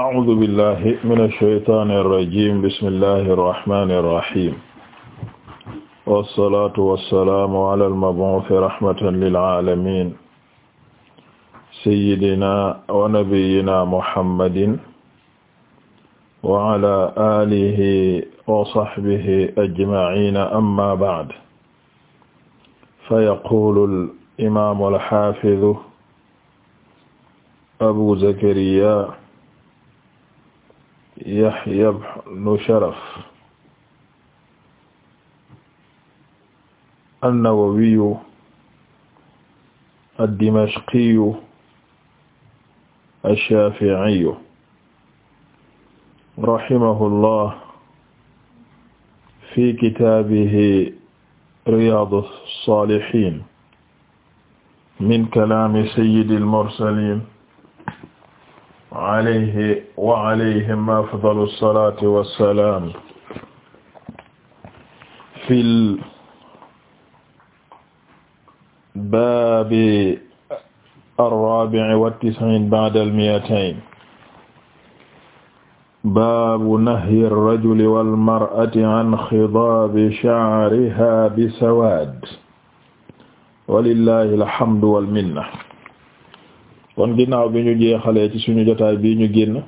أعوذ بالله من الشيطان الرجيم بسم الله الرحمن الرحيم والصلاة والسلام على المبعوث رحمة للعالمين سيدنا ونبينا محمد وعلى آله وصحبه أجمعين أما بعد فيقول الإمام الحافظ أبو زكريا Yahya ibnu Sharaf an-Nawawiyu ad-Dimashqiyu ash-Shafi'iyu rahimahullah fi kitaabihi Riyaadus Saalihiin min kalaami sayyidil mursaliin alayhi wa alayhim afdalu salaati wa salaam fil baabi arraabi'i wa tis'iin ba'da al-mi'atayn baabu nahyi ar-rajuli wal mar'ati an xidaabi sha'rihaa bi sawaad wa lillaahi al-hamdu wal minna kon ginnaaw bi ñu jeexalee ci suñu jotaay bii ñu génn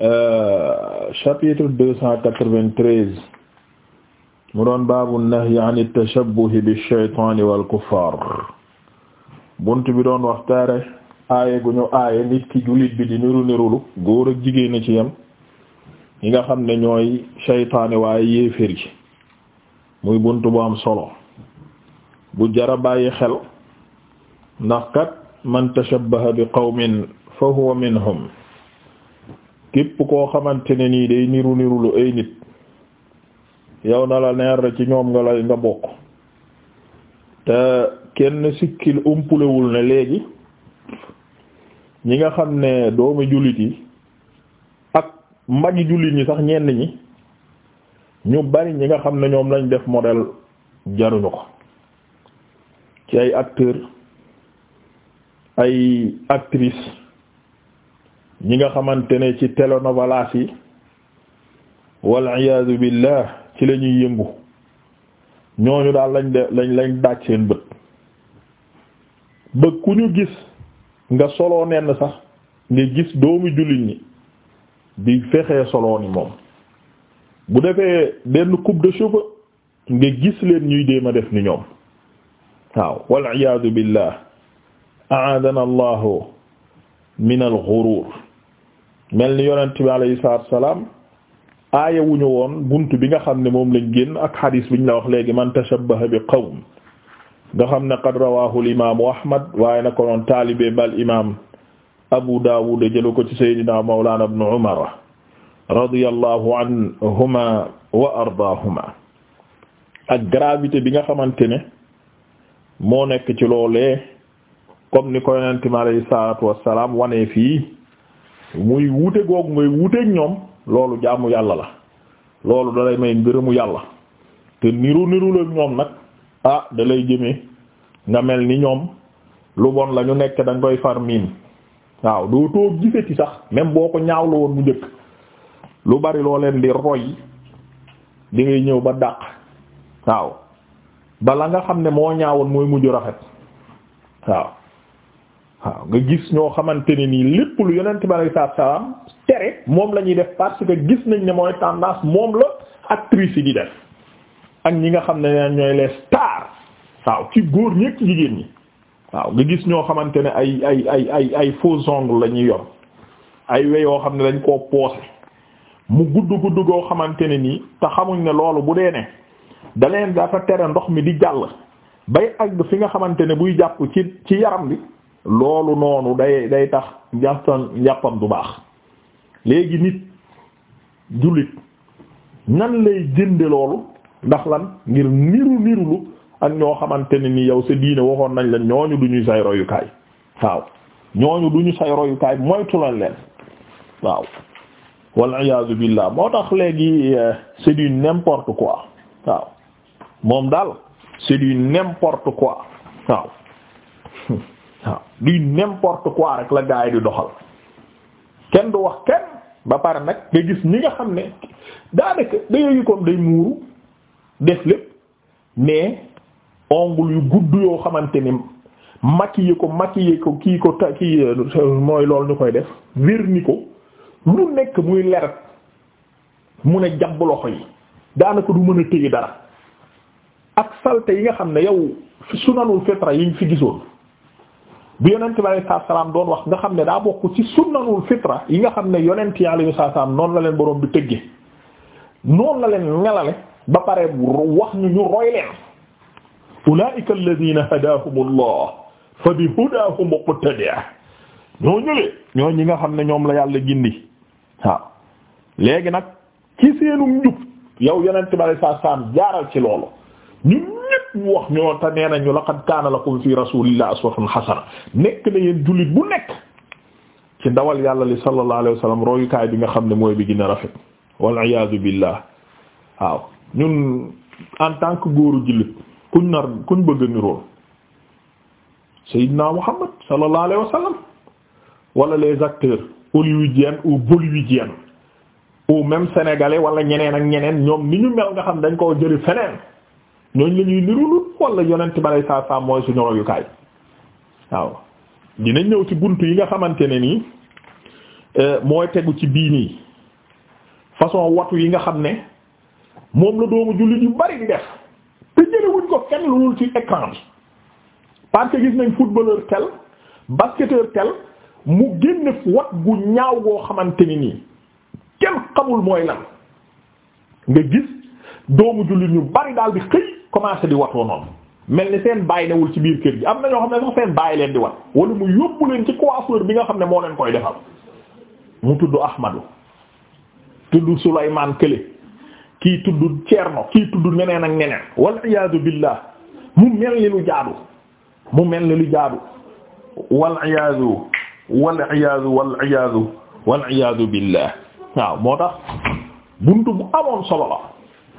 euh, chapitre deux cent quatre mu doon baabu nahyi an at-tashabbuh bi-shaytaani wal bunt bi doon wax taare aaye gu ñu aaye nit ki jullit bi di niru nirulu góor ak jigéen ci yam yi nga xam ne ñooy shaytaani waaye yéefér yi muy bunt bu am solo bu jara bàyyi xel ndax kat man tashabbaha bi qawmin fa huwa minhum képp koo xamante ne nii day niru nirul lu ay nit yow na la neer ci ñoom nga lay nga bokk te kenn sikkil umpulewul ne léegi ñi nga xam ne dooma jullit yi ak magi jullit ñi sax ñenn ñi ñu bari ñi nga xam ne ñoom lañ def modèle jaruñu ko ci ay acteurs ay actris ñi nga xamante ne ci telenovelas yi wal iyaadu billah ci lañuy ñuy yëngu ñooñu daal lañ de lañ lañ daaj seen bët ba ku ñu gis nga soloo nenn sax nga gis doomu jullit ñi di fexee soloo ni moom bu defee benn coupe de cheveux nga gis leen ñuy déema def ni ñoom waaw wal iyaadu billah a'adana allahu min al ghurur mel ni yonent bi alayhi salaatu salaam aaya wuñu woon bunt bi nga xam ne moom lañ génn ak xadiis biñ la wax léegi man tashabbaha bi qawm nga xam ne qad rawahu al ahmad waaye na ko noon taalibe bal imaam abu daawud jëlu ko ci sayyidina mawlana ibn umar radiyallahu anhuma wa ardaahuma ak gravité bi nga xamante ne moo nekk ci loolee comme ni ko yonent mi alayhi salaatu wassalaam wane fii muy wuute googu ngay wuuteeg ñoom loolu jaamu yàlla la loolu dalay may mbiramu yàlla te niru niru la ñoom nag ah dalay jëme nga mel ni ñoom lu bon la ñu nekk da nga koy far miin waaw doo toog gisati sax même boo ko ñaawlu woon bu njëkk lu bari loo leen di roy di ngay ñëw ba dàq waaw bala nga xam ne moo ñaawoon mooy mujj rafet waaw waaw nga gis ñoo xamante ne nii lépp lu yonent bi alayhi salaam tere moom la ñuy def parce que gis nañ ne mooy tendance moom la actrice yi di def ak ñi nga xam ne ñooy les stars waaw ci góor ñeeg ci jigéen ñi waaw nga gis ñoo xamante ne ay ay ay ay ay faux ongles la ñuy yor ay we yoo xam ne dañ koo poose mu gudd gudd goo xamante ne nii te xamuñ ne loolu bu dee ne da leen dafa tere ndox mi di jàll bay àgg fi nga xamante ne buy jàpp ci ci yaram bi. loolu noonu day day tax njàppam njàppam du baax léegi nit jullit ñan lay jënde loolu ndax lan ngir niru nirulu ak ñoo xamante ne ni yow sa diine waxoon nañ leen ñooñu du ñu say royukaay waaw ñooñu du ñu say royukaay moytu lañ leen waaw wal iyaazu billah moo tax léegi euh, c'est du n'importe quoi waaw moom daal c'est du n'importe quoi waaw waaw luy n'importe quoi rek la gaa yi di doxal kenn du wax kenn ba pare nag nga gis ñi nga xam ne daanaka dañuy comme day muuru def lépp mais ongle yu gudd yoo xamante ni maquiller ko maquiller ko kii ko ta kii euh, mooy loolu ñu koy def vernis ko lu nekk muy leret mu ne jàpp loxo yi daanaka du mën a téye dara ak saleté yi nga xam ne yow sunanul fitra yi fi gisoon. bu yonent bi salaam doon wax nga xam ne daa bokk ci sunnanul fitra yi nga xam ne yonent yi alayhi salaatu salaam noonu la leen borom bi tëggee noonu la leen ngelale ba pare wax ñu ñu roy leen ulaa'ika alladhiina hadaahumullah fa bi hudaahum iqtadi' ñoo ñëwee ñoo ñi nga xam ne ñoom la yàlla gindi waaw léegi nag ci seenum njub yow yonent bi salaam jaaral ci loolu ñun ñépp mu wax ñoo te nee nañu laqad kaana lakum fi rasulillahi uswatun hasana nekk na yéen jullit bu nekk ci ndawal yàlla li sallallahu alayhi wa sallam royukaay bi nga xam ne mooy bi gën rafet wal iyaadu billah waaw ñun en tant que góoru jullit kuñ nar kuñ bëgg nirool Seydina Muhammad sallallahu alayhi wala les acteurs hollywoodiens ou bollywoodiens ou même sénégalais wala ñeneen ak ñeneen ñoom ni ñu mel nga xam dañ ko jëli feneen ñooñ lañuy ñuy nirulul wala yonent balay saa saa mooy suñu royukaay waaw dinañ ñëw ci buntu yi nga xamante ne nii euh, mooy tegu ci bii nii façon watu yi nga xam ne moom la doomu jullit yu bari di def te jëlewuñ ko kenn lu dul ci écran bi parce que gis nañ footballeur tel basketteur tel mu génn wat gu ñaaw goo xamante ni nii kenn xamul mooy lan nga gis doomu jullit ñu bari daal di xëy commencé di watoo mel ni seen bàyyi newul ci biir kër gi am na ñoo xam ne sax seen bàyyi leen di wat wala mu yóbbu leen ci coiffeur bi nga xam ne moo leen koy defal mu tudd Ahmadu tudd Souleymane Kële kii tudd Thierno kii tudd neneen ak neneen wal iyaadu billah mu mel ni lu jaadu mu mel ni lu jaadu wal iyaadu wal iyaadu wal iyaadu wal iyaadu billah waaw moo tax buntu bu amoon solo la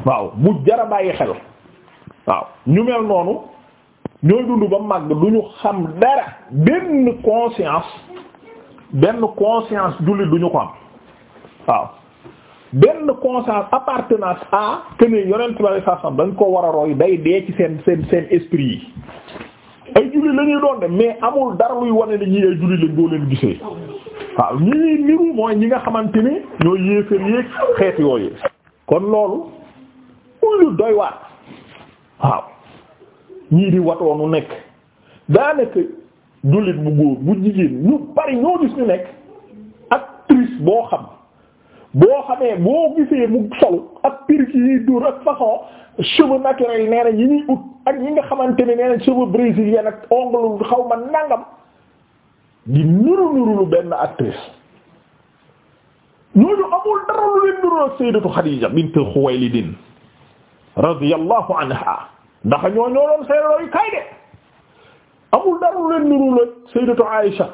waaw mu jara bàyyi xel waaw ñu mel noonu ñooy dund ba màgg du ñu xam dara benn conscience benn conscience jullit du ko am waaw benn conscience appartenance à que ne yonent bi alayhi dañ ko war a roy day dee ci seen seen seen esprit yi ay jullit la doon de mais amul dara luy wane ne ñii ay jullit lañ doo leen gisee waaw ñu ñuy niru mooy ñi nga xamante ni ñooy yéefar yéeg xeet yooyu kon loolu lu doy waa waaw ñii di watoonu nekk daanaka jullit bu góor bu jigéen ñu bari ñoo gis ñu nekk actrice boo xam boo xamee boo gisee mu solu ak perruque yi dóor ak façon cheveux naturels nee yi ñuy ut ak ñi nga xamante ne nee na cheveux ak ongle xaw ma nangam di nuru nuru lu benn actrice ñooñu amul dara lu leen nuru Sayyidatu Khadija bint Khuwaylid radiyallahu anha ndax ñoo ñoo doon seen royukaay de amul dara lu leen niru la sayyidatu Aisha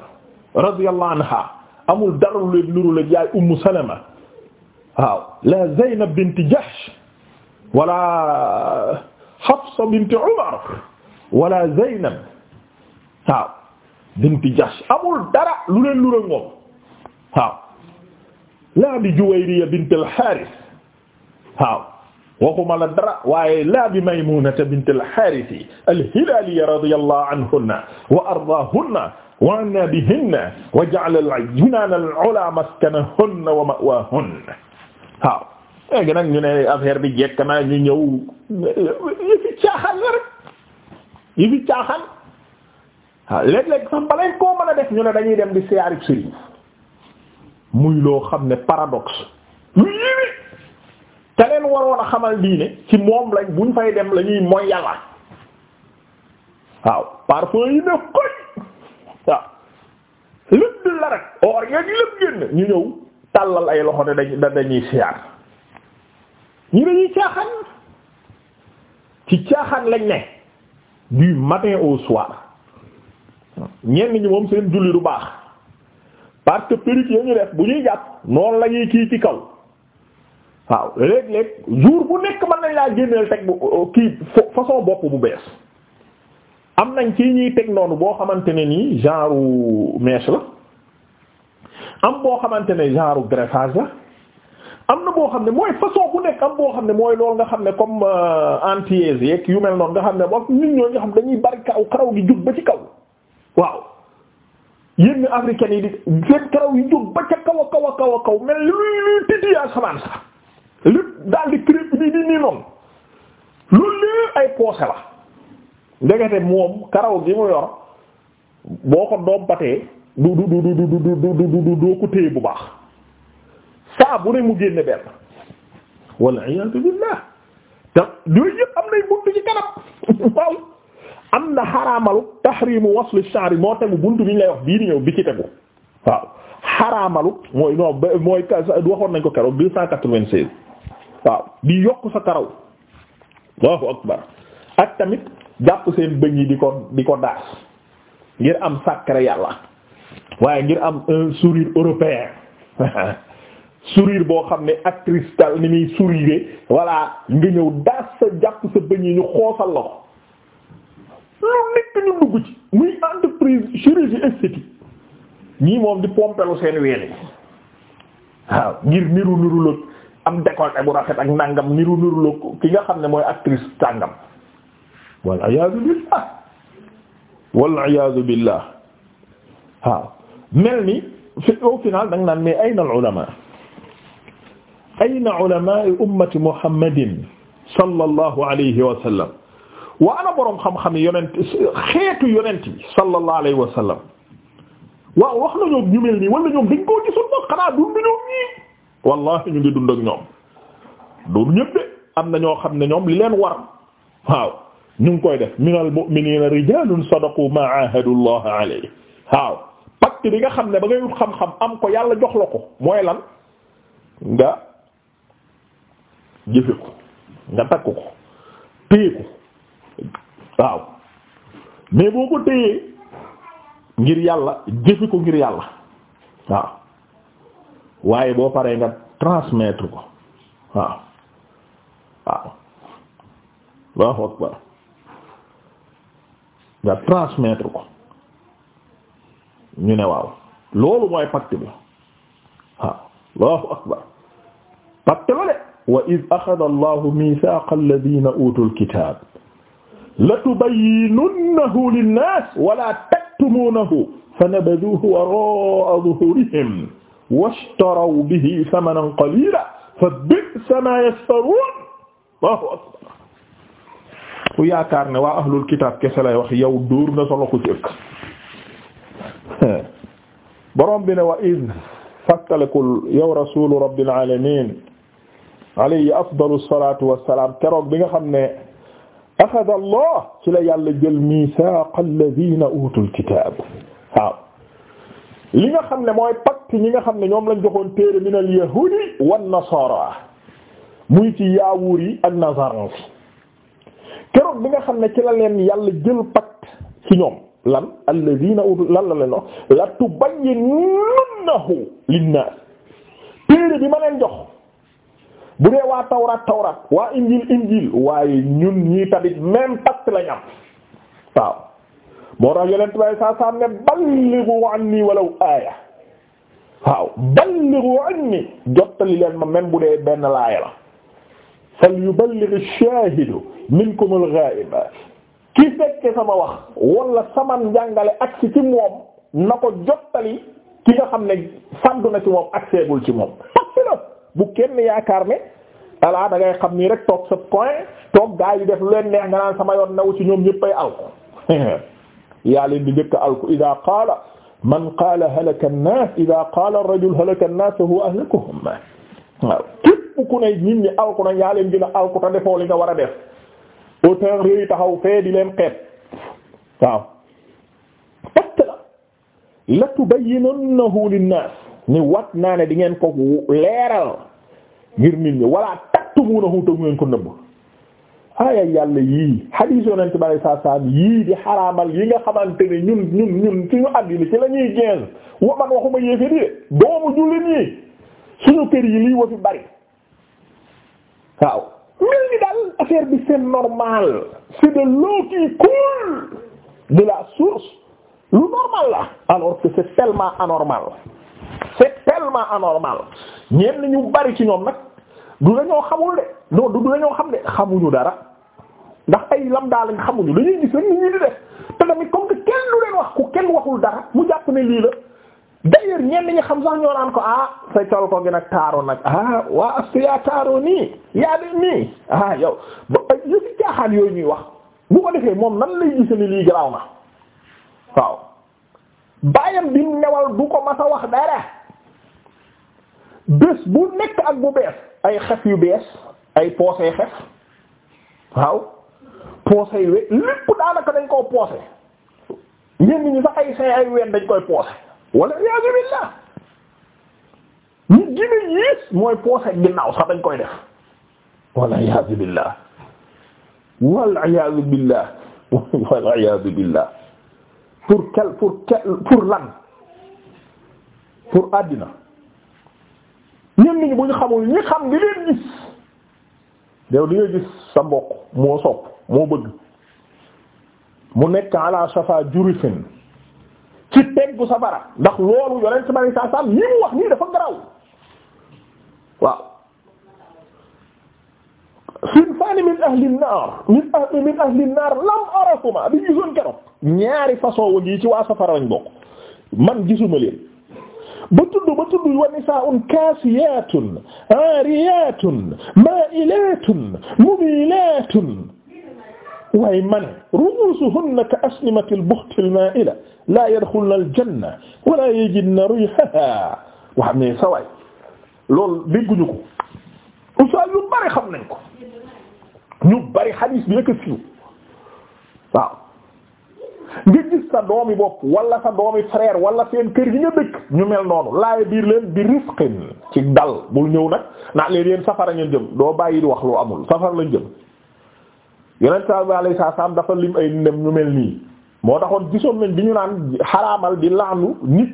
radiyallahu anha amul dara lu leen niru la yaay Ummu Salama waaw la Zaynab bint Jahsh wala Hafsa bint Umar wala Zaynab waaw bint Jahsh amul dara lu leen niru moom waaw la bi Juwayriya bint al-Harith waaw waxuma la waaye laa bi Maymunata bint al-Haaris al-Hilaaliya radiyallahu anhunna wa ardaahunna wa anna al-junaana al-'ulaa maskanahunna wa ma'waahunna waaw léegi nag ñu ne affaire bi jekk na ñu ñëw yëfi caaxaan la rek yëfi caaxaan waaw léeg-léeg sax dañuy dem di muy loo xam ne paradoxe te leen waroon a xamal diine ci moom lañ buñ fay dem lañuy ñuy mooy yàlla waaw parfois yi ne koy waaw lépp di la rek or yéen lépp génn ñu ñëw tàllal ay loxo ne dañ dañuy siyaar ñu dañuy caaxaan ci caaxaan lañ ne du matin au soir ñenn ñi moom seen julli du baax parce que perruque ya ñu def bu ñuy jàpp noonu la kii ci kaw. waaw léeg-léeg jour bu nekk mën nañ laa génneel teg bu uh, kii façon bopp bu bees am nañ ci ñuy teg noonu boo xamante ne nii genre mèche la am boo xamante ne genre greffage la am na boo xam ne mooy façon bu nekk am boo xam ne mooy loolu nga xam ne comme uh, antillaise yeeg yu mel noonu nga xam ne ba nit ñoo xam dañuy bari kaw karaw gi jug ba ci kaw waaw yenn africaine yi di seen karaw yi jug ba ca kaw a kaw a kaw a kaw mel lu luy titi yaa samaan sax lu daal di crêpe bi di nii noonu loolu lépp ay poose la ndegete moom karaw gi mu yor boo ko dombatee du du du du du du du du doo ko téye bu baax saa bu ne mu génne benn walla iyaatu billaah te yooyu yëpp am nay buntu ci kanam waaw am na xaraamalu moo tegu buntu bi ñu lay wax bii di ñëw bi ci tegu waaw xaraamalu mooy non mooy waxoon nañ ko keroog deux cent quatre-vingt-seize waaw di yokk sa karaw Allahu ko ak tamit jàpp seen bëñ yi di ko di ko daas ngir am sacré yàlla waaye ngir am un sourire européen sourire boo xam ne ak cristal ni muy sourire voilà nga ñëw daas sa jàpp sa bëñ yi ñu xoosal la ko lu nekk ñu dugg ci muy entreprise chirurgie esthétique ñii moom di pompelu seen weene waaw ngir niru niru la am décolleté bu rafet ak nangam niru niru la ki nga xam ne mooy actrice tàngam wal iyaazu billah wal iyaazu billah waaw mel ni fi au final da nga naan mais ayna al ulama ayna ulama ummati muhammadin sallallahu alayhi wa sallam wa ana boroom xam-xam yi yonent xeetu yonent bi sallallahu alayhi wa sallam waaw wax na ñoom ñu mel nii wala ñoom dañ koo gisul moom xanaa du ñoom ñii wallahi ñu ngi dund ak ñoom loolu ñëpp am na ñoo xam ne ñoom li leen war waaw ñu ngi koy def minal mu'minina rijalun sadaqu ma ahadu allah waaw pacte bi nga xam ne ba ngay wut xam-xam am ko yàlla jox la ko mooy lan nga jëfe ko nga takk ko téye ko waaw mais boo ko téyee ngir yàlla jëfe ko ngir yàlla waaw waaye boo paree nga transmettre ko waaw waaw Allahu akbar nga transmettre ko ñu ne waaw loolu mooy pacte bi waaw Allahu akbar pacte la de wa iz akhadha Allahu mithaqa alladhina utul kitab latubayyinunnahu linnas wala taktumunahu fanabadhuhu wara'a dhuhurihim washtaraw bihi thamanan qalila fa bi'sa ma yashtarun Allahu akbar ku yaakaar ne waa ahlul kitaab kese lay wax yow dóor nga solo ko jëkk borom bi ne wa id fakkalekul yow rasulu rabbil alamin alayhi afdalu salatu wassalam keroog bi nga xam ne axada allah ci la yàlla jël misaaq alladina utul kitaab waaw li nga xam ne mooy pak ñi nga xam ne ñoom lañ joxoon téere min al yahudi wan nasara muy ci yaawuur yi ak nazaran si keroog bi nga xam ne ci la leen yàlla jël pacte ci ñoom lan alladina ut lan la leen wax la tubayyinunnahu linnaas téere bi ma leen jox bu dee waa tawraat tawraat waa injil injil waaye ñun ñii tamit même pacte lañ am waaw moo tax yeneen tubaay saa saa ne ballighu anni walaw aaya waaw ballighu anni jottali leen ma même bu dee benn laaya la fal yuballigh ash-shahidu minkum al-ghaib ki fekke sama wax wala sama njàngale aksi ci moom na ko jottali ki nga xam ne sandu na ci moom akseegul ci moom parce la bu kenn yaakaar ne alaa da xam nii rek toog sa point toog gaa def leen neex nga naan sama yoon naw ci ñoom ñëppay alko yaa leen di njëkk alko ida qaala man qaala halaka an-naas idaa qaala ar-rajulu halaka an-naas fa huwa ahlakuhum waaw képp ku ne nit ñi alku na yaa leen gën a alku te defoo li nga war a def auteur yooyu taxaw fee di leen xeet waaw patt la la tubayyinannahu lin-naas ni wat naa ne di ngeen ko leeral ngir nit ñi wala taktumuunahu te ngeen ko nëbb aaya yàlla yii xadiis yonent bi sallallahu alayhi wasallam yii di xaraamal yi nga xamante ne ñun ñun ñun suñu àddina ci la ñuy génn wa man waxuma yéefér yi doomu jullit ñi suñu kër yi lii wa fi bari waaw mel ni daal affaire bi c'est normal c'est de l'eau qui de la source lu normal la alors que c'est tellement anormal c'est tellement anormal ñenn ñu bari ci ñoom nag du la ñoo xamul de non du la xam de xamuñu dara ay lam daal lañ xamuñu dañuy gis rek nit ñi di def te tamit comme kenn lu leen wax ku kenn waxul dara mu jàpp ne lii la d'ailleurs ñenn ñi xam sax ñoo naan ko ah sa col ko gi nag taaro nag ah waa astu yaa taaro nii yaa de nii ah yow ba si caaxaan yooyu ñuy wax bu ko defee moom nan lay gise ni lii garaaw na waaw bàyyam bi newal du ko masa wax dara bés bu nekk ak bu bees ay xef yu bees ay poosee xef waaw poose ay we lépp daanaka dañ koo poose ñenn ñi sax ay say ay ween dañ koy poose walla iyaazu billaah ñu gini yiis mooy poose ginnaaw sax dañ koy def walla iyaazu billaah walla iyaazu billaah walla iyaazu billaah pour quel pour quel pour lan pour àddina ñenn ñi bu ñu xamul ñi xam ngi leen gis yow di nga gis sa mbokk moo sopp moo bëgg mu nekk ala safa jurifin ci teggu safara ndax loolu yoneen si bari saa saam ni mu wax nii dafa garaw waaw sinfaani min ahli naar min ahli min ahli naar lam arasuma bi gisoon keroog ñaari façon wa ngi ci waa safara lañ bokk man gisuma leen ba tudd ba tudd wa nisaa'un kaasiyaatun aariyaatun maa'ilaatun mumiilaatun waaye man ru'uusuhunna ka asnimatil buxtil maa'ila laa yadxulna al janna wala yajidna riihahaa wax mais sa waay loolu dégguñu ko usa yu xam nañ ko ñu bari xadiis bi naka siiw waaw nga gis sa doomi bopp wala sa doomi frère wala seen kër yi nga ñu mel noonu la biir bi risqin ci dal bul ñëw nag naa leen yéen safara jëm doo bàyyi di wax loo amul safara lañ jëm yonent bi alayhi salaam dafa lim ay ndem ñu mel nii moo taxoon gisoon nañ bi ñu naan xaraamal di laanu nit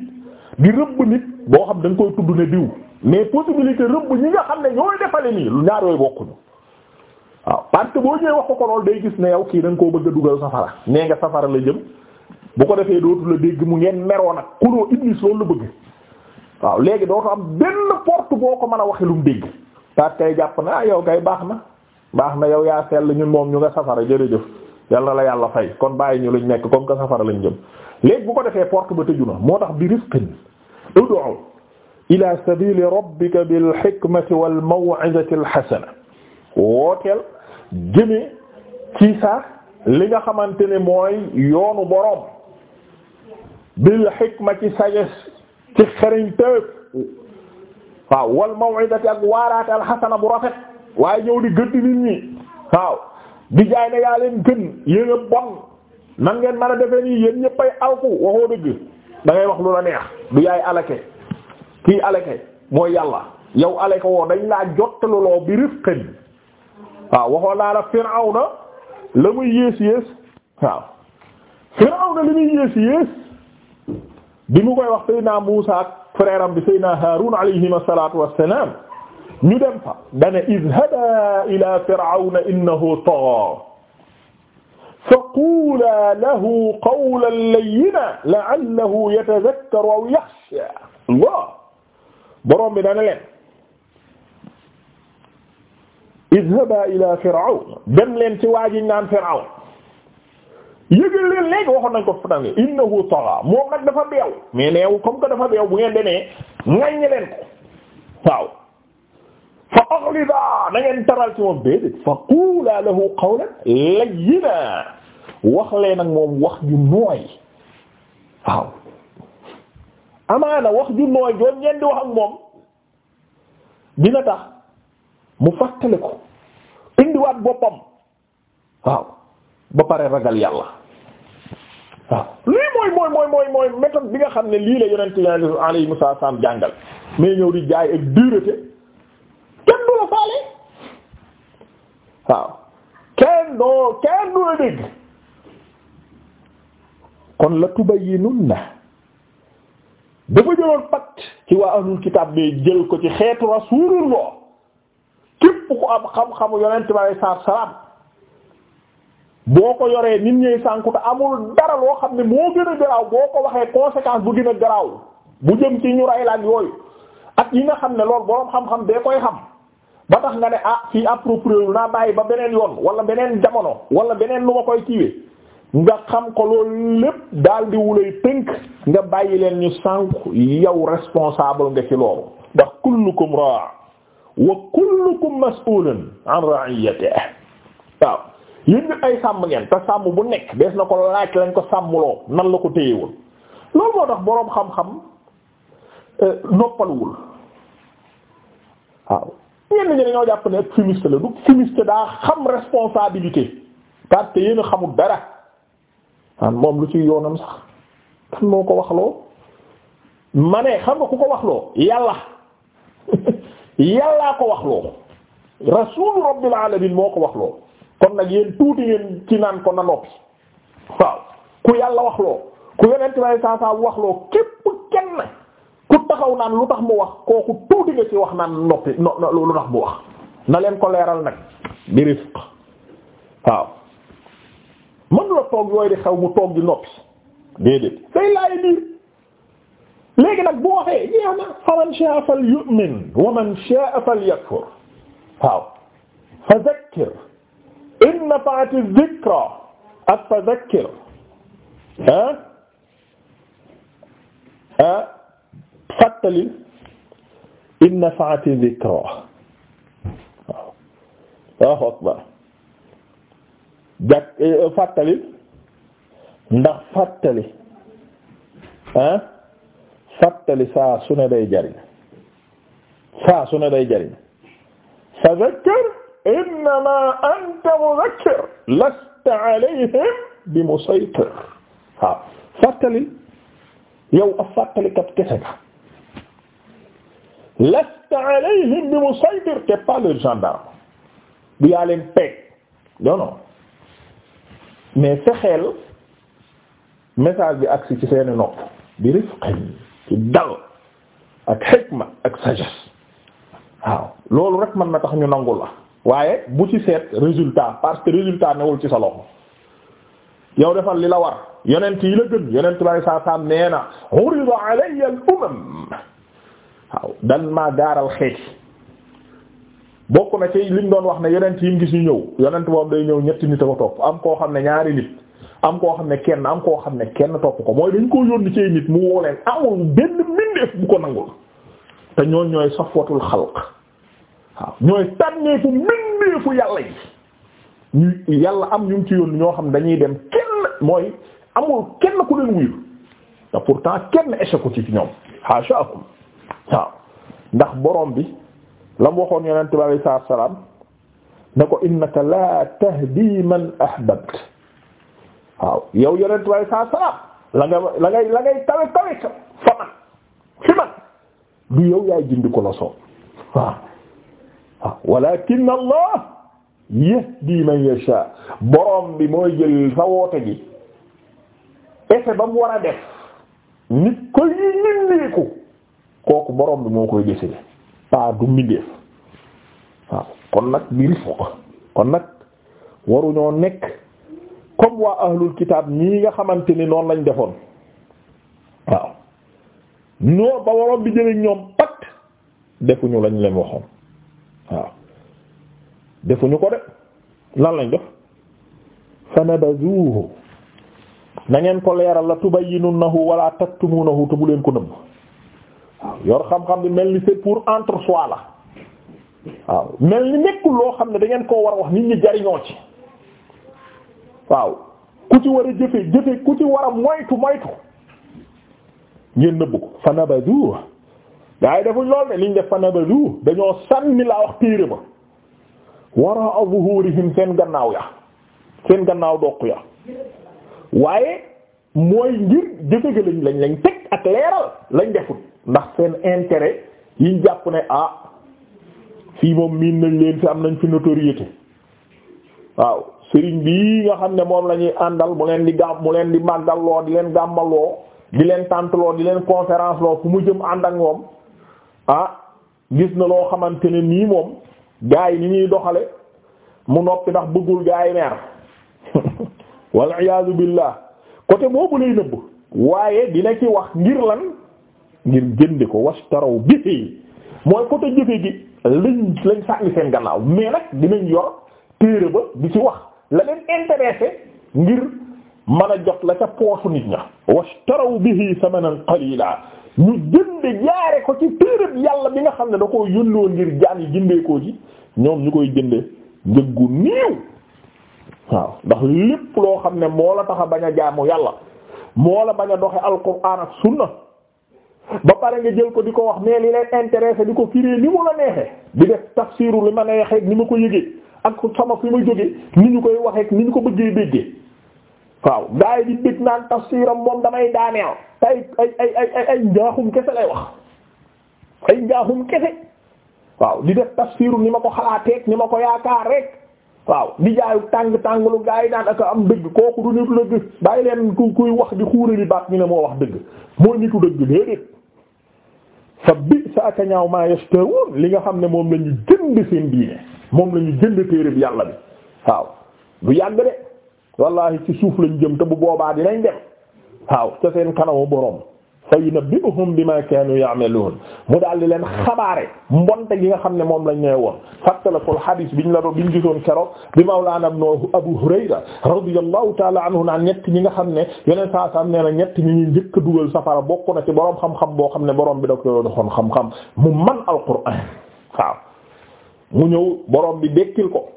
di rëbb nit boo xam da nga koy tudd ne diw mais possibilité rëbb ñi nga xam ne ñooy defale nii lu ñaar yooyu bokkuñu waaw parce boo ñëwee wax ko loolu day gis ne yow kii da nga koo bëgg a dugal safara nee nga safara la jëm bu ko defee dootu la dégg mu ngeen meroon ak kuloo iblis loolu bëgg waaw léegi doo ko am benn porte boo ko mën a waxe lu dégg parce que jàpp na ah yow kay baax na baax na yow yaa sell ñun moom ñu nga safara jërëjëf yal na la yàlla fay kon bàyyi ñu luñ nekk comme que safara lañ jëm léegi bu ko defee porte ba tëju na moo tax bi risqin ud'u ila sabili rabbika bil hikmati wal maw'izati al hasana wooteel jëmee ci sa li nga xamante ne mooy yoonu boroom bil ci sagesse ci xeriñ tëëf waaw wal maw'izati ak waaraate al hasana bu rafet waaye ñëw di gëdd nit ñi waaw di jaay ne yaa leen gën yéen bon nan ngeen mën a defee nii yéen ñëpp ay waxoo dëgg da wax lu la neex du yaay alake kii alake mooy yàlla yow alake woo dañ laa jottaluloo bi rifqin waaw waxoon naa la Firawna la muy yées yées waaw Firawna li muy yées yées bi mu koy wax Seydina Muusa ak frère am bi Seydina Haarun alayhima salaatu wassalaam ñu dem fa dana izhaba ila fir'auna innahu tagha faquula lahu qawlan layyinan la'allahu yatadhakkaru aw yakhsha Allah borom bi dana leen izhaba ila fir'auna dem leen ci waaji naan fir'aun yëgal leen léegi waxoon nañ ko fanaan innahu tagha moom nag dafa beew mais neew comme que dafa beew bu ngeen demee ngañ leen ko waaw fa axlida na ngeen taral ci moom déedéet fa quula lahu qawlan layyina wax leen ak moom wax yu nooy waaw amaana wax ju nooy joon ngeen di wax ak moom dina tax mu fàttali ko indiwaat boppam waaw ba pare ragal yàlla waaw lii mooy mooy mooy mooy mooy bi nga xam ne lii la yonent alayhi salaam jàngal mais ñëw di jaay ak dureté kenn du la faale waaw kenn doo kenn du la dégg kon la tubayyinun na dafa jëloon pat ci waa ahlul kitaab bi jël ko ci xeetu rasulullah képp ku am xam-xamu yonent bi alay salaam boo ko yoree nit ñëy sànku te amul dara loo xam ne moo gën a garaaw boo ko waxee conséquence bu gën a garaaw bu jëm ci ñu raylaan yooyu ak yi nga xam ne loolu boroom xam-xam bee koy xam ba tax nga ne ah fii approprié naa bàyyi ba beneen yoon wala beneen jamono wala beneen lu ma koy kiiwee nga xam ko loolu lépp daal di wulay tënk nga bàyyi leen ñu sànq yow responsable nga ci loolu ndax kullukum raa wa kullukum mas'ulun an ra'iyatihi waaw yéen ñëpp ay sàmm ngeen te sàmm bu nekk des na ko laaj lañ ko sàmmloo nan la ko téyewul loolu moo tax boroom xam-xam euh, noppaluwul ñenn ñi dañoo jàpp ne fumiste la du fumiste daa xam responsabilité parce que yéen xamul dara moom lu ci yoonam sax kan moo ko wax ma ne xam nga ku ko waxloo yàlla yàllaa ko waxloo rasul rabbil alamin moo ko waxloo kon nag yéen tuuti ngeen ci naan ko na noppi waaw ku yàlla waxloo ku yonent bay saa saa waxloo képp kenn ku taxaw naan lu tax mu wax kooku tuuti nga ci wax naan noppi no lu tax mu wax na leen ko leeral nag bi rifq waaw mën la toog yooyu di xew mu toog di noppi déedéet day laay biir léegi nag bu waxee jeex na faman sha'a falyu'min wa man sha'a falyakfur waaw fa dhakkir in nafa'ati dhikra ak fa dhakkir ah ah fàttali in nafa'ati dhikra waaw waaw xoog ba jàkk eh, eh, fàttali ndax fàttali ah fàttali saa su ne day jariñ saa su ne day jariñ fadhakkir innama anta mudhakkir lasta alayhim bi musaytir waaw fàttali yow a fàttalikat kese nga lasta alayhim bi musaytir t'es pas leur gendarme bu yaa leen peeg non mais fexeel message bi agsi ci seeni nopp bi rifqin ci dal ak xikma ak sagesse waaw loolu rek man na tax ñu nangu la waaye bu ci seet résultat parce que résultat newul ci sa loxo yow defal li la war yonent yi la gën yonent bi sallallahu alayhi wasallam nee na al umam waaw dan maa gaaral xeeti bokk na ci lim doon wax ne yonent yi mu gis ñu ñëw yonent boobu day ñëw ñetti nit a ko topp am koo xam ne ñaari nit am koo xam ne kenn am koo xam ne kenn topp ko mooy dañ ko yónni ci nit mu woo leen amul benn mbindeef bu ko nangul te ñooñ ñooy safwatul yàlla yi yàlla am ñu ci yónni ñoo xam ne dañuy dem kenn mooy amul kenn ku leen wuyu te pourtant kenn échec ci ñoom haashaakum waaw ndax borom bi la mu waxoon yonent bi alayhi salaatu wa salaam ne ko innaka laa tahdi man ahbabta waaw yow yonent bi alayhi salaam la nga la ngay la ngay tawe tawe fa man fi man yow yaay jindi ko la soob waaw waaw walaakinna Allah yahdi man yashaa borom bi mooy jël sa woote gi effet ba mu war a def nit ko yi nit nii ko kooku boroom bi moo koy décider pas du mbindeef waaw kon nag bi rifq kon nag waruñoo nekk comme waa ahlul kitaab ñii nga xamante ni noonu lañ defoon waaw ñoo ba waroon bi jëlee ñoom pat defuñu lañ leen waxoon waaw defuñu ko de lan lañ def fanabazuhu na ngeen ko leeral la tubayyinunnahu wala taktumunahu te bu leen ko nëbb yor xam-xam bi mel ni c'est pour entre soi la waaw mel ni nekkul loo xam ne da ngeen koo war a wax nit ñi jariñoo ci waaw ku ci war a jëfe jëfe ku ci war a moytu moytu ngeen nëbb ko fa nabadu gaa lool ne liñ def fa dañoo sànni laa wax téere ba waraa zuhurihim seen gannaaw ya seen gannaaw doq ya waaye mooy ngir jëfe ga lañ lañ lañ teg ak leeral lañ defut ndax seen intérêt yiñ jàpp ne ah fii moom miin nañ leen fi am nañ fi notoriété waaw sëriñ bii nga xam ne moom lañuy ñuy àndal mu leen di gàm mu leen di màggalloo di leen gàmmaloo di leen tantloo di leen conférence loo fu mu jëm ànd ak moom ah, gis na loo xamante ne nii moom gaa yi ni ñuy doxale mu noppi ndax bëggul gaay yi meer wal iyaadu billah boobu lay nëbb waaye dina ci wax ngir lan ngir jëndi ko wastaraw bihi mooy côté jëfe gi lañ lañ sànni seen gannaaw mais nag dinañ yor téere ba di ci wax la leen intéressé ngir man a jot la ca poosu nit ña wastaraw bihi samanan qalila ñu jënd jaare ko ci téereb yàlla bi nga xam ne da ko yónnoon ngir jaan yi jëndeekoo ci ñoom ñu koy jënde njëggu néew waaw ndax lépp loo xam ne moo la tax a bañ a jaamu yàlla moo la bañ a doxe alquran ak sunna ba pare nga jël ko di ko wax mais li leen intéressé di ko firi ni mu la neexee di def tafsiru li ma neexee ni ma ko yëgee ak sama fi ma jógee ni ñu koy waxee ni ñu ko bëggee déggee waaw gaa yi di dégg naan tafsiram moom damay daaneel te ay ay ay ay ay njaaxum kese lay wax ay njaaxum kese waaw di def tafsiru ni ma ko xalaatee ni ma ko yaakaar rek. waaw di jaayu tàng tàng lu gaa yi ak am dëgg kooku du nitu dëgg bàyyi leen ku kuy wax di xuurali baat ñu ne moo wax dëgg mooy nitu dëgg déedéet sa bi sa ñaaw maa yashtawoon li nga xam ne moom la ñu jënd seen diine moom la ñu jënd téere bi yàlla bi waaw du yàgg de wallahi ci suuf lañ jëm te bu boobaa dinañ dem waaw ca seen kanamu boroom fa yunabbi'uhum bima kaanu ya'maluun mu daal di leen xabaare mbonte gi nga xam ne moom lañ nee woon ko fàttalikul hadis biñ la doon biñ gisoon keroog bi Mawlaana Abu Hurayra radiyallahu ta'ala anhu naan ñett ñi nga xam ne yeneen saa saa nee na ñetti ñi ñuy njëkk dugal safara bokk na ci borom xam-xam boo xam ne borom bi da ko doon xam-xam mu man Alquraan waaw mu ñëw borom bi dekkil ko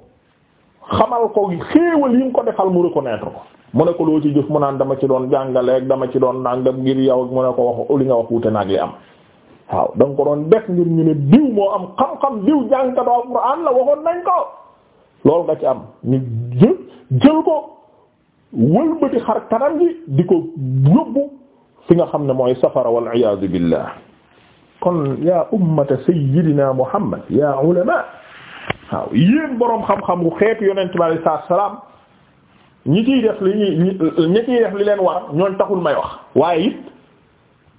xamal ko xéewal yi mu ko defal mu reconnaître ko. mu ne ko loo ci jëf mu naan dama ci doon jàngaleeg dama ci doon nangam ngir yow mu ne ko wax li nga wax wuute naag li am waaw da nga ko doon def ngir ñu ne diw moo am xam-xam diw jàngkatu alxuraan la waxoon nañ ko loolu nga ci am ñu jël ko wëlbati xar kanam gi di ko yóbbu fi nga xam ne mooy safara wal iyaadu billah kon yaa ummata sayyidina muhammad yaa ulama waaw yéen boroom xam-xam bu xeetu yonent bi alayhi salaam ñi ciy def li ñuy euh, ñi ciy def li leen war ñooñ taxul may wax waaye it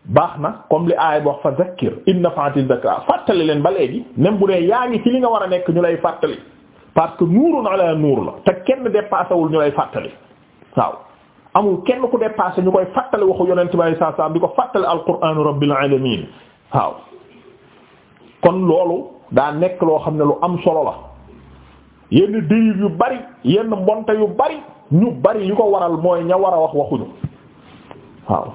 baax na comme li aay wax fa zakkir in nafa'ati dhikra fàttali leen ba léegi même bu dee yaa ngi ci li nga war a nekk ñu lay fàttali parce que nuurun ala nuur la te kenn dépassé wul ñu lay fàttali waaw amul kenn ku dépassé ñu koy fàttali waxu yonent bi saa saa bi ko fàttali alquranu rabbil alamin waaw kon loolu daa nekk loo xam ne lu am solo la yenn dérive yu bari yenn mbonte yu bari ñu bari yi ko waral mooy ña war a wax waxuñu waaw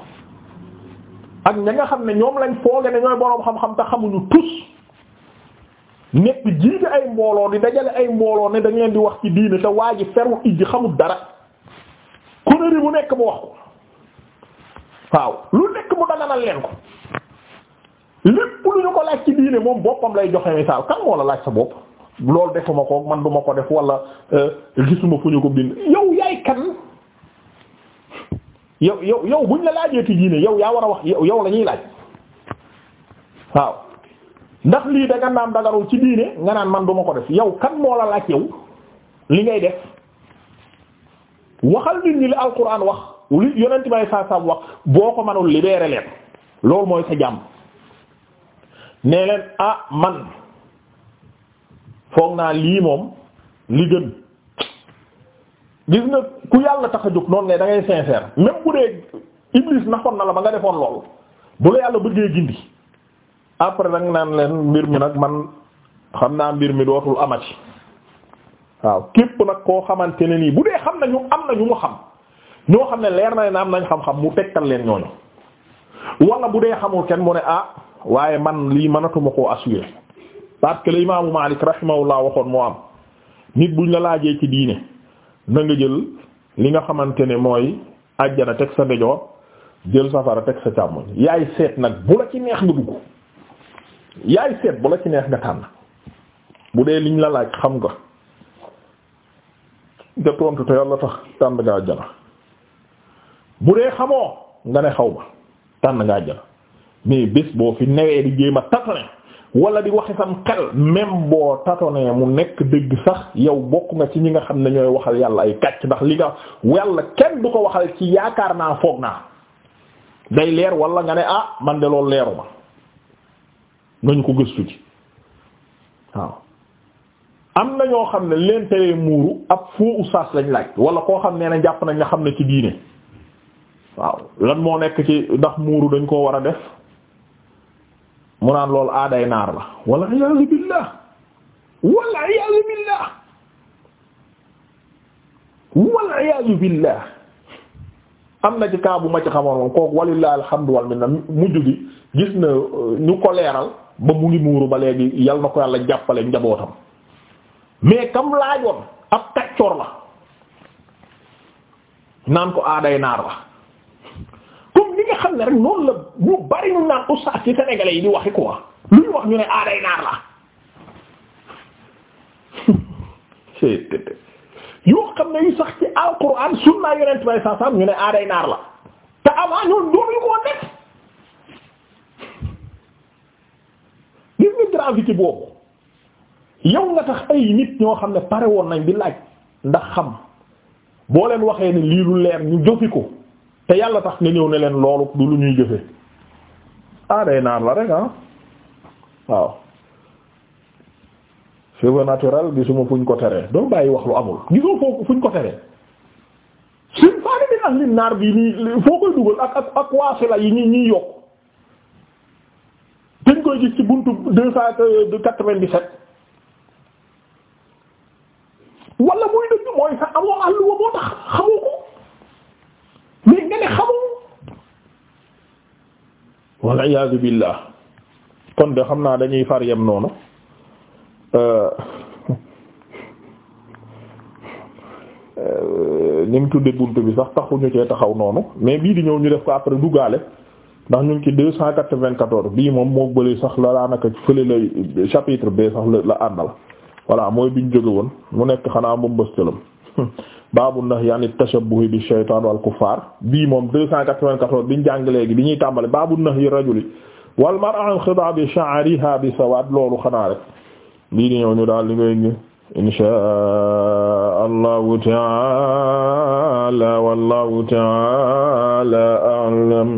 ak ña nga xam ne ñoom lañ fooge ne ñooy boroom xam-xam te xamuñu tus nekk jiite ay mbooloo di dajale ay mbooloo ne dañ leen di wax ci diine te waa ji ferul ijji xamul dara kuréel bu nekk mu wax ko waaw lu nekk mu daganal leen ko lépp lu ñu ko laaj ci diine moom boppam lay joxe misaal kan moo la laaj sa bopp. loolu defuma ko man duma ko def wala euh, gisuma fu ñu ko bind yow yaay kan yow yow yow buñ la laajee ci diine yow yaa war a wax yow yow la ñuy laaj waaw ndax lii da nga ci diine nga naan man duma ko def yow kan moo la laaj yow li ngay def waxal nit ñi li alquran wax li yonent bay saasam wax boo ko manul libéré leen loolu mooy sa jàmm nee leen ah man foog naa lii moom li gën gis nga ku yàlla tax a jóg noonu ne da ngay sincère même dee Iblis naxoon na la ba nga defoon loolu bu la yàlla bëggee gindi après da nga naan leen mbir mi nag man xam naa mbir mi dootul amati waaw képp nag koo xamante ne nii bu dee xam nañu am na ñu mu xam ñoo xam ne leer na leen am nañ xam-xam mu tegtal leen ñooñu wala bu dee xamul kenn mu ne ah waaye man lii mënatuma koo assurer. parce que l'imaamu Maalik rahimahullah waxoon moo am nit buñ la laajee ci diine na jël li nga xamante ne mooy àjjana teg sa ndejoor jël safara teg sa càmmoñ yaay seet nag bu la ci neex nga dugg yaay seet bu la ci neex nga tànn bu dee liñ la laaj xam nga nga tontu te yàlla tax tànn nga àjjana bu dee xamoo nga ne xaw ma tànn nga àjjana mais bés boo fi newee di jéem a tasa wala di waxi sam xel même boo tatonee mu nekk dégg sax yow bokk nga ci ñi nga xam ne ñooy waxal yàlla ay kàcc ndax li nga yàlla kenn du ko waxal ci yaakaar naa foog naa day leer wala nga ne ah man de loolu leeru nañu ko gis ci waaw am na ñoo xam ne leen teree muuru ab foo oustaz lañ laaj wala koo xam ne na jàpp nañ nga xam ne ci diine waaw lan moo nekk ci ndax muuru dañ koo war a def mu naan loolu aaday naar la wal iyaazu billah wal iyaazu billah wal iyaazu billah am na ci kaa bu ma ci xamoon moom kooku walillahi alhamdu wal minna mujj gi gis na euh, ñu ko leeral ba mu ngi muuru ba léegi yal na ko yàlla jàppale njabootam mais kam laajoon ab kaccoor la naan ko aaday naar la nga xam ne rek noonu la ñu bari ñu naan oustaz ci lu wax ñu ne aaday naar la yoo xam ñu ne aaday la te avant ñoon boobu yow nga tax ay nit ñoo xam ne pare woon nañ di laaj ndax xam boo leen waxee ne lii lu leer ñu jofi ko te yàlla tax nga ñëw ne leen loolu du lu ñuy jëfe ah day la rek ah waaw cheveux naturel gisuma fuñ ko teree doo bàyyi wax lu amul gisoo foofu fuñ ko teree suñ faani bi ahli naar bi nii foo koy dugal ak ak ak yi ñi ñuy yokk dañ koy gis ci buntu deux cent euh, quatre-vingt-dix-sept wala muy dëgg mooy sax amoo àll tax wal iyaadu billah kon de xam naa dañuy far yem noonu ñu euh, ngi tudde bunt bi sax taxuñu cee taxaw noonu mais bii di ñëw ñu def ko après duggaale ndax ñu ngi ci deux cent quatre-vingt-quatorze bii moom moo bële sax la daanaka fële la chapitre B sax la àndal voilà mooy biñ jóge woon mu nekk xanaa mbëmbëstalam baabu nahyi an tashabbuhi bi shaytaan wal kuffaar bii moom 294 biñ jàng léegi bi ñuy tàmbale baabu nahyi rajuli wal mar'a an xidaa bi sha'riha bi sawaad loolu xanaa rek di ñëw ñu daal li ngay inshaa allahu taala wallahu taala a'lam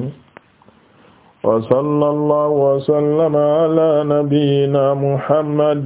wa sallallahu wa sallama ala nabiyyina muhammad